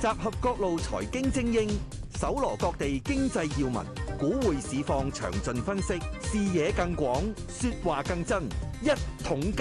集合各路財經精英，蒐羅各地經濟要聞，股匯市況詳盡分析，視野更廣，說話更真，一桶金。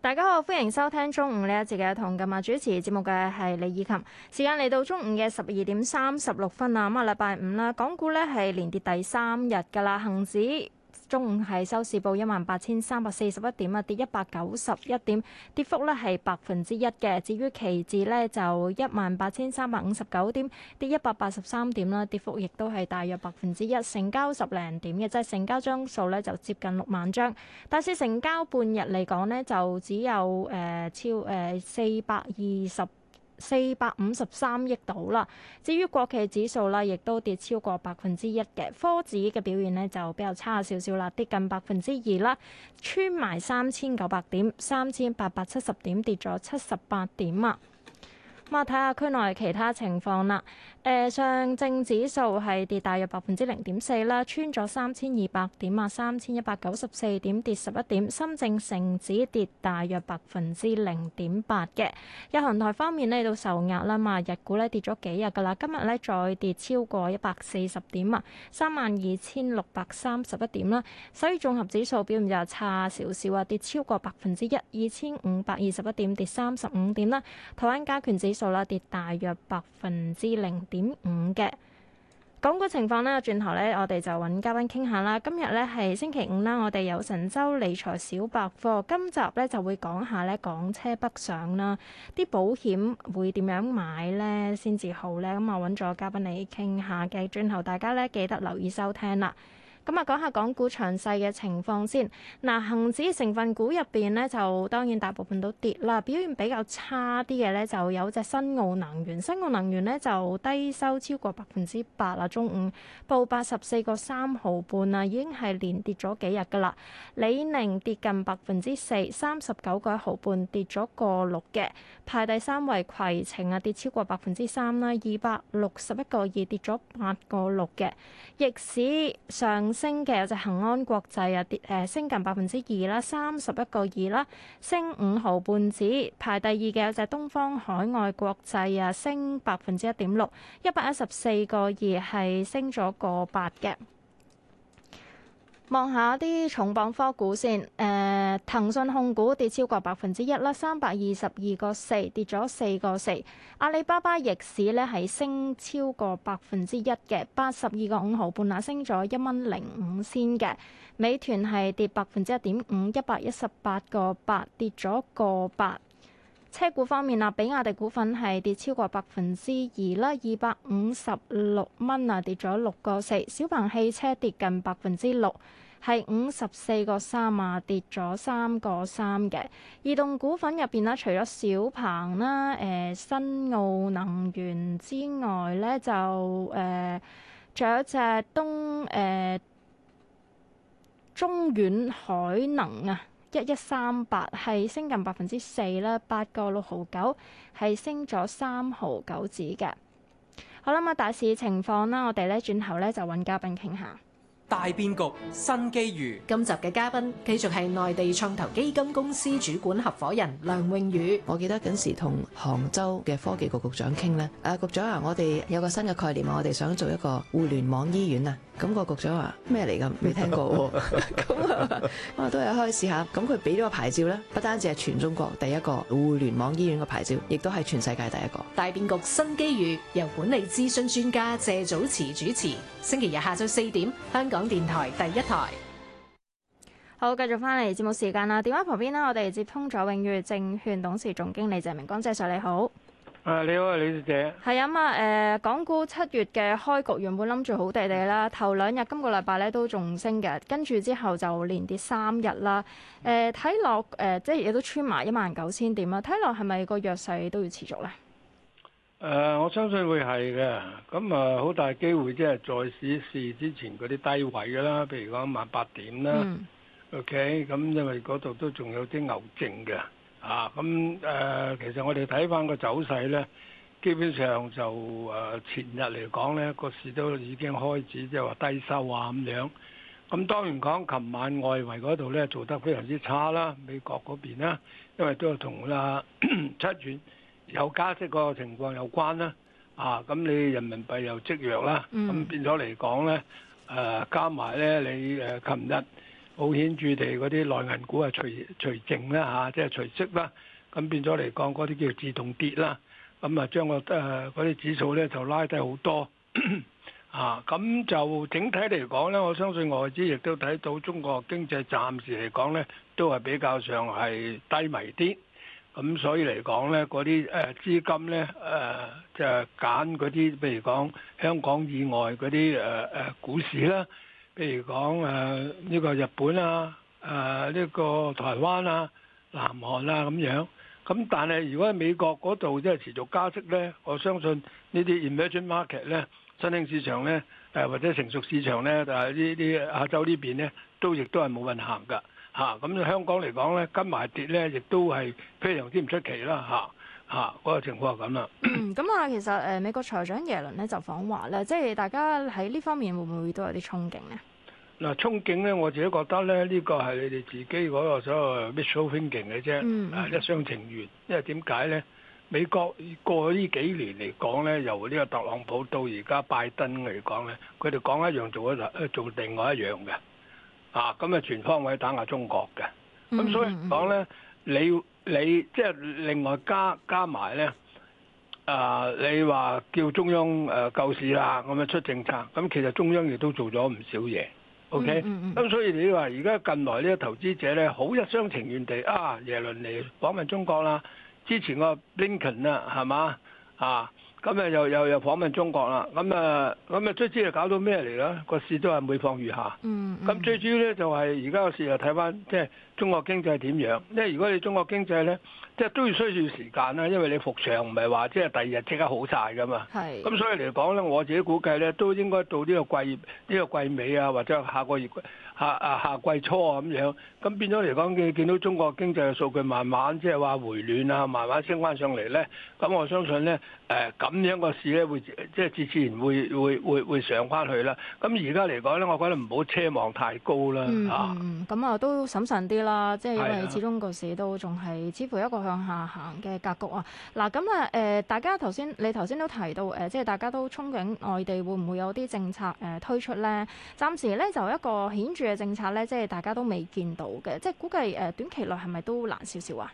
大家好，歡迎收聽中午呢一節嘅《同今日主持節目嘅係李以琴》，時間嚟到中午嘅十二點三十六分啊，今日禮拜五啦，港股呢係連跌第三日噶啦，恒指。中午係收市報一萬八千三百四十一點啊，跌一百九十一點，跌幅咧係百分之一嘅。至於期指咧，就一萬八千三百五十九點，跌一百八十三點啦，跌幅亦都係大約百分之一。成交十零點嘅，即係成交張數咧就接近六萬張，但是成交半日嚟講咧就只有誒、呃、超誒四百二十。呃四百五十三億度啦。至於國企指數啦，亦都跌超過百分之一嘅。科指嘅表現呢就比較差少少啦，跌近百分之二啦，穿埋三千九百點，三千八百七十點跌咗七十八點啊。咁我，睇下區內其他情況啦。呃、上證指數係跌大約百分之零點四啦，穿咗三千二百點啊，三千一百九十四點跌十一點。深證成指跌大約百分之零點八嘅。日韓台方面呢，到受壓啦嘛，日股呢跌咗幾日㗎啦，今日呢再跌超過一百四十點啊，三萬二千六百三十一點啦。所以綜合指數表現就差少少啊，跌超過百分之一，二千五百二十一點跌三十五點啦。台灣加權指數啦，跌大約百分之零點五嘅咁個情況咧，轉頭咧我哋就揾嘉賓傾下啦。今日咧係星期五啦，我哋有神州理財小百科，今集咧就會講下咧港車北上啦，啲保險會點樣買呢？先至好呢。咁啊揾咗嘉賓嚟傾下嘅，轉頭大家咧記得留意收聽啦。咁啊，講下港股詳細嘅情況先。嗱，恒指成分股入邊咧，就當然大部分都跌啦。表現比較差啲嘅咧，就有隻新奧能源。新奧能源咧就低收超過百分之八啦，中午報八十四個三毫半啊，已經係連跌咗幾日㗎啦。李寧跌近百分之四，三十九個一毫半跌咗個六嘅。排第三位攜程啊，跌超過百分之三啦，二百六十一個二跌咗八個六嘅。逆市上市升嘅有隻恒安國際啊跌誒升近百分之二啦，三十一個二啦，升五毫半子。排第二嘅有隻東方海外國際啊，升百分之一點六，一百一十四個二係升咗個八嘅。望下啲重磅科股先，誒、呃、騰訊控股跌超過百分之一啦，三百二十二個四跌咗四個四。阿里巴巴逆市咧係升超過百分之一嘅，八十二個五毫半啦，升咗一蚊零五先嘅。美團係跌百分之一點五，一百一十八個八跌咗個八。車股方面啦，比亞迪股份係跌超過百分之二啦，二百五十六蚊啊，跌咗六個四。小鵬汽車跌近百分之六，係五十四個三啊，跌咗三個三嘅。異動股份入邊啦，除咗小鵬啦，誒、呃、新奧能源之外咧，就誒仲、呃、有一隻東誒、呃、中遠海能啊。一一三八係升近百分之四啦，八個六毫九係升咗三毫九子嘅。好啦，咁、嗯、啊，大市情況啦，我哋咧轉頭咧就揾嘉賓傾下。大變局，新機遇。今集嘅嘉賓繼續係內地創投基金公司主管合夥人梁穎宇。我記得緊時同杭州嘅科技局局長傾咧，啊，局長啊，我哋有個新嘅概念啊，我哋想做一個互聯網醫院啊。咁個局長話咩嚟㗎？未聽過。咁啊都係開始下。咁佢俾咗個牌照咧，不單止係全中國第一個互聯網醫院嘅牌照，亦都係全世界第一個。大變局，新機遇，由管理諮詢專家謝祖慈主持。星期日下晝四點，香港港電台第一台好，繼續翻嚟節目時間啦。電話旁邊呢，我哋接通咗永裕證券董事總經理謝明光，謝小姐你好。誒、啊，你好啊，李小姐。係啊嘛，誒、呃，港股七月嘅開局原本諗住好地地啦，頭兩日今個禮拜咧都仲升嘅，跟住之後就連跌三日啦。誒、呃，睇落誒，即係亦都穿埋一萬九千點啦。睇落係咪個弱勢都要持續咧？誒，uh, 我相信會係嘅，咁啊，好大機會即係再試試之前嗰啲低位嘅啦，譬如講晚八點啦、mm.，OK，咁因為嗰度都仲有啲牛證嘅，啊，咁誒、啊，其實我哋睇翻個走勢呢，基本上就誒、啊、前日嚟講呢個市都已經開始即係話低收啊咁樣。咁當然講，琴晚外圍嗰度呢做得非常之差啦，美國嗰邊啦，因為都係同啦七院。有加息個情況有關啦，啊，咁你人民幣又積弱啦，咁變咗嚟講咧，誒加埋咧你誒琴日保險註定嗰啲內銀股啊，除除淨啦嚇，即係除息啦，咁變咗嚟講嗰啲叫自動跌啦，咁啊將個誒嗰啲指數咧就拉低好多，啊咁就整體嚟講咧，我相信外資亦都睇到中國經濟暫時嚟講咧，都係比較上係低迷啲。咁所以嚟講咧，嗰啲誒資金咧，誒、呃、就係揀嗰啲，譬如講香港以外嗰啲誒誒股市啦，譬如講誒呢個日本啊、誒、呃、呢、呢個台灣啊、南韓啦、啊、咁樣。咁但係如果喺美國嗰度即係持續加息咧，我相信呢啲 emerging market 咧、新興市場咧、誒或者成熟市場咧，就係呢啲亞洲邊呢邊咧，都亦都係冇運行㗎。嚇，咁喺香港嚟講咧，跟埋跌咧，亦都係非常之唔出奇啦嚇嚇嗰個情況係咁啦。咁啊，其實誒美國財長耶倫咧就訪華咧，即係大家喺呢方面會唔會都有啲憧憬咧？嗱、嗯，嗯、憧憬咧，我自己覺得咧，呢、這個係你哋自己嗰個所謂 wishful thinking 嘅啫，啊、嗯、一廂情願。因為點解咧？美國過去呢幾年嚟講咧，由呢個特朗普到而家拜登嚟講咧，佢哋講一樣做一做另外一樣嘅。啊！咁咪全方位打壓中國嘅，咁所以講咧、mm hmm.，你你即係另外加加埋咧，啊！你話叫中央誒、呃、救市啦，咁啊出政策，咁其實中央亦都做咗唔少嘢。OK，咁所以你話而家近來呢個投資者咧，好一廂情願地啊，耶倫嚟訪問中國啦，之前個 Lincoln 啦，係嘛啊？今日又又又訪問中國啦，咁啊咁啊，卒之就搞到咩嚟咧？個市都係每況愈下。嗯，咁最主要咧就係而家個市又睇翻，即係中國經濟係點樣，即係如果你中國經濟咧，即係都要需要時間啦，因為你復場唔係話即係第二日即刻好晒㗎嘛。係。咁所以嚟講咧，我自己估計咧，都應該到呢個季呢個季尾啊，或者下個月下啊下季初啊咁樣。咁變咗嚟講，見見到中國經濟嘅數據慢慢即係話回暖啊，慢慢升翻上嚟咧。咁我相信咧，誒咁樣個市咧會即係自自然會會會會上翻去啦。咁而家嚟講咧，我覺得唔好奢望太高啦。嗯嗯嗯嗯嗯，咁啊都審慎啲啦，即係因為始終個市都仲係似乎一個。向下行嘅格局啊，嗱咁啊，誒大家頭先你頭先都提到誒，即係大家都憧憬外地會唔會有啲政策誒推出咧？暫時咧就一個顯著嘅政策咧，即係大家都未見到嘅，即係估計誒短期內係咪都難少少啊？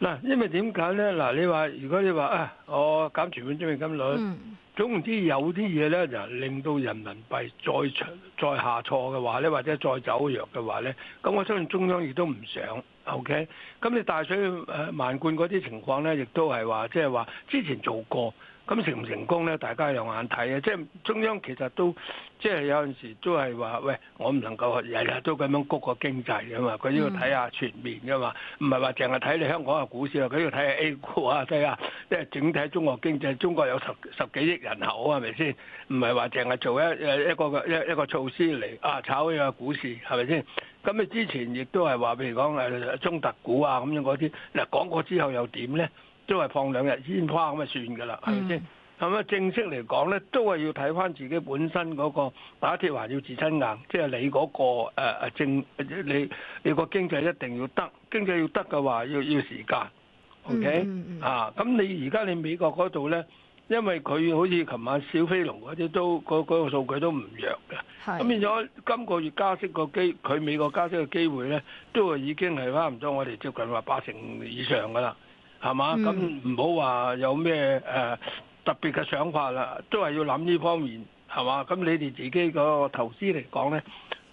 嗱，因為點解咧？嗱，你話如果你話啊，我減存款準備金率，嗯、總之有啲嘢咧就令到人民幣再長再下挫嘅話咧，或者再走弱嘅話咧，咁我相信中央亦都唔想。O K. 咁你大水誒漫灌嗰啲情況咧，亦都係話即係話之前做過，咁成唔成功咧？大家有眼睇啊！即係中央其實都即係有陣時都係話，喂，我唔能夠日日都咁樣谷個經濟啊嘛！佢要睇下全面噶嘛，唔係話淨係睇你香港嘅股市啊！佢要睇下 A 股啊，睇下即係整體中國經濟。中國有十十幾億人口，係咪先？唔係話淨係做一一個一個一個措施嚟啊，炒呢個股市係咪先？是咁你之前亦都係話，譬如講誒中特股啊咁樣嗰啲，嗱講過之後又點咧？都係放兩日煙花咁啊算㗎啦，係咪先？咁啊正式嚟講咧，都係要睇返自己本身嗰個打鐵還要自身硬，即係你嗰個誒誒政，你你個經濟一定要得，經濟要得嘅話要，要要時間，OK、mm. 啊？咁你而家你喺美國嗰度咧？因為佢好似琴晚小飛龍嗰啲都嗰嗰個數據都唔弱嘅，咁變咗今個月加息個機，佢美國加息嘅機會咧都已經係差唔多，我哋接近話八成以上噶啦，係嘛？咁唔好話有咩誒特別嘅想法啦，都係要諗呢方面，係嘛？咁你哋自己個投資嚟講咧，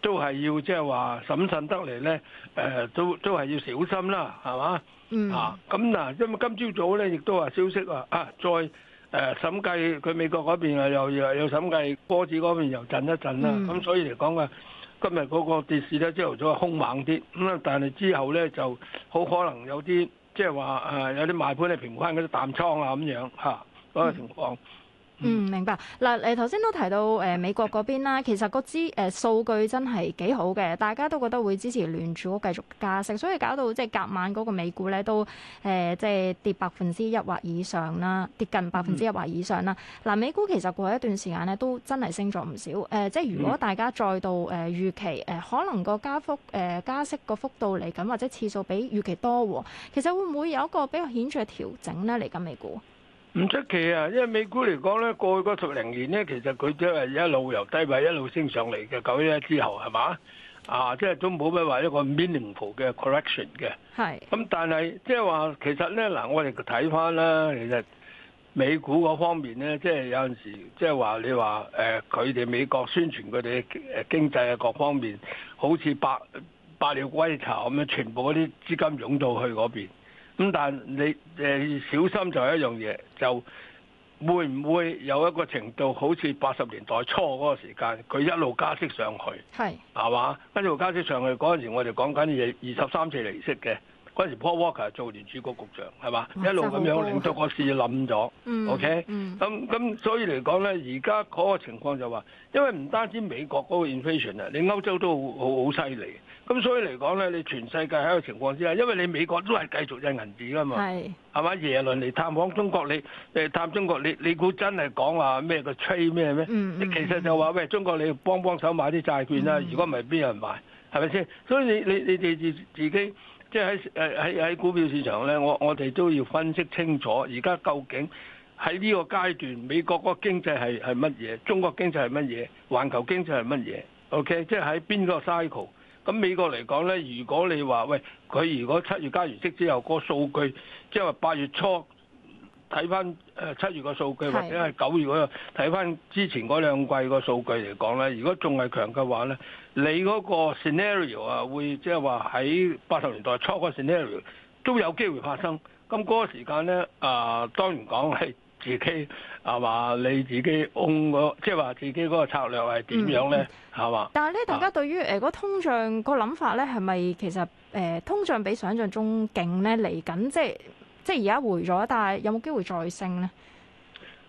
都係要即係話審慎得嚟咧，誒、呃、都都係要小心啦，係嘛？嗯、啊咁嗱，因為今朝早咧亦都話消息啊，啊再。誒審計佢美國嗰邊啊，又又又審計波子嗰邊又震一震啦，咁、嗯、所以嚟講啊，今日嗰個跌市咧，朝頭早係兇猛啲，咁啊，但係之後咧就好可能有啲即係話啊，有啲賣盤係平翻嗰啲淡倉啊，咁樣嚇嗰個情況。嗯。嗯，明白。嗱，你頭先都提到誒、呃、美國嗰邊啦，其實個資誒、呃、數據真係幾好嘅，大家都覺得會支持聯儲局繼續加息，所以搞到即係隔晚嗰個美股咧都誒即係跌百分之一或以上啦，跌近百分之一或以上啦。嗱、嗯，美股其實過一段時間咧都真係升咗唔少。誒、呃，即係如果大家再度誒、呃、預期誒、呃、可能個加幅誒、呃、加息個幅度嚟緊或者次數比預期多喎，其實會唔會有一個比較顯著嘅調整咧嚟緊美股？唔出奇啊！因為美股嚟講咧，過去嗰十零年咧，其實佢都係一路由低位一路升上嚟嘅，九一一之後係嘛？啊，即係都冇咩話一個 meaningful 嘅 correction 嘅。係是。咁、嗯、但係即係話，其實咧嗱，我哋睇翻啦，其實美股嗰方面咧，即係有陣時即係話你話誒，佢、呃、哋美國宣傳佢哋誒經濟啊各方面，好似百百鳥歸巢咁樣，全部嗰啲資金湧到去嗰邊。咁但你誒小心就係一樣嘢，就會唔會有一個程度，好似八十年代初嗰個時間，佢一路加息上去，係是，係嘛？跟住加息上去，嗰陣時我哋講緊二二十三四厘息嘅，嗰陣時 Paul Walker 做聯儲局局長，係嘛？哦、一路咁樣令到個市冧咗。OK 咁咁，所以嚟講咧，而家嗰個情況就話、是，因為唔單止美國嗰個 inflation 啊，你歐洲都好好犀利。咁所以嚟講咧，你全世界喺個情況之下，因為你美國都係繼續印銀紙噶嘛，係嘛是？耶倫嚟探訪中國，你誒探中國，你你估真係講話咩個吹咩咩？嗯嗯、你其實就話喂，中國你幫幫手買啲債券啦、啊，嗯、如果唔係邊有人買？係咪先？所以你你你哋自自己即係喺誒喺喺股票市場咧，我我哋都要分析清楚，而家究竟喺呢個階段，美國個經濟係係乜嘢？中國經濟係乜嘢？環球經濟係乜嘢？OK，即係喺邊個 cycle？咁美國嚟講咧，如果你話喂，佢如果七月加完息之後個數據，即係話八月初睇翻誒七月個數據，的或者係九月嗰度睇翻之前嗰兩季個數據嚟講咧，如果仲係強嘅話咧，你嗰個 scenario 啊會即係話喺八十年代初個 scenario 都有機會發生。咁嗰個時間咧，啊、呃、當然講係。自己係嘛？你自己 own 嗰，即係話自己嗰個策略係點樣咧？係嘛、嗯？但係咧，大家對於誒嗰、啊、通脹個諗法咧，係咪其實誒、呃、通脹比想象中勁咧？嚟緊即係即係而家回咗，但係有冇機會再升咧？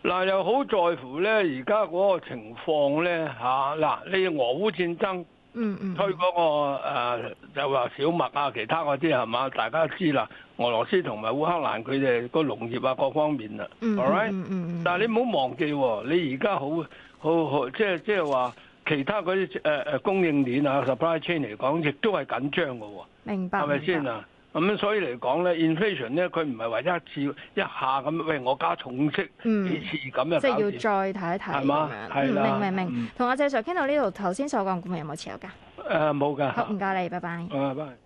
嗱、嗯，又好在乎咧，而家嗰個情況咧嚇嗱，呢、啊、俄烏戰爭。嗯嗯，推、嗯、嗰、嗰個、呃、就話小麥啊，其他嗰啲係嘛？大家知啦，俄羅斯同埋烏克蘭佢哋個農業啊各方面啊。all right 但係你唔好忘記、哦，你而家好好好，即係即係話其他嗰啲誒誒供應鏈啊，supply chain 嚟講，亦都係緊張嘅喎、哦。明白，係咪先啊？咁所以嚟講咧，inflation 咧，佢唔係話一次一下咁，喂，我加重息幾次咁就搞掂。即係要再睇一睇。係嘛？係啦。明唔明？同阿吧謝 Sir 傾到呢度，頭先所講股票有冇持有㗎？誒、呃，冇㗎。好，唔該吧你，吧拜拜。拜拜。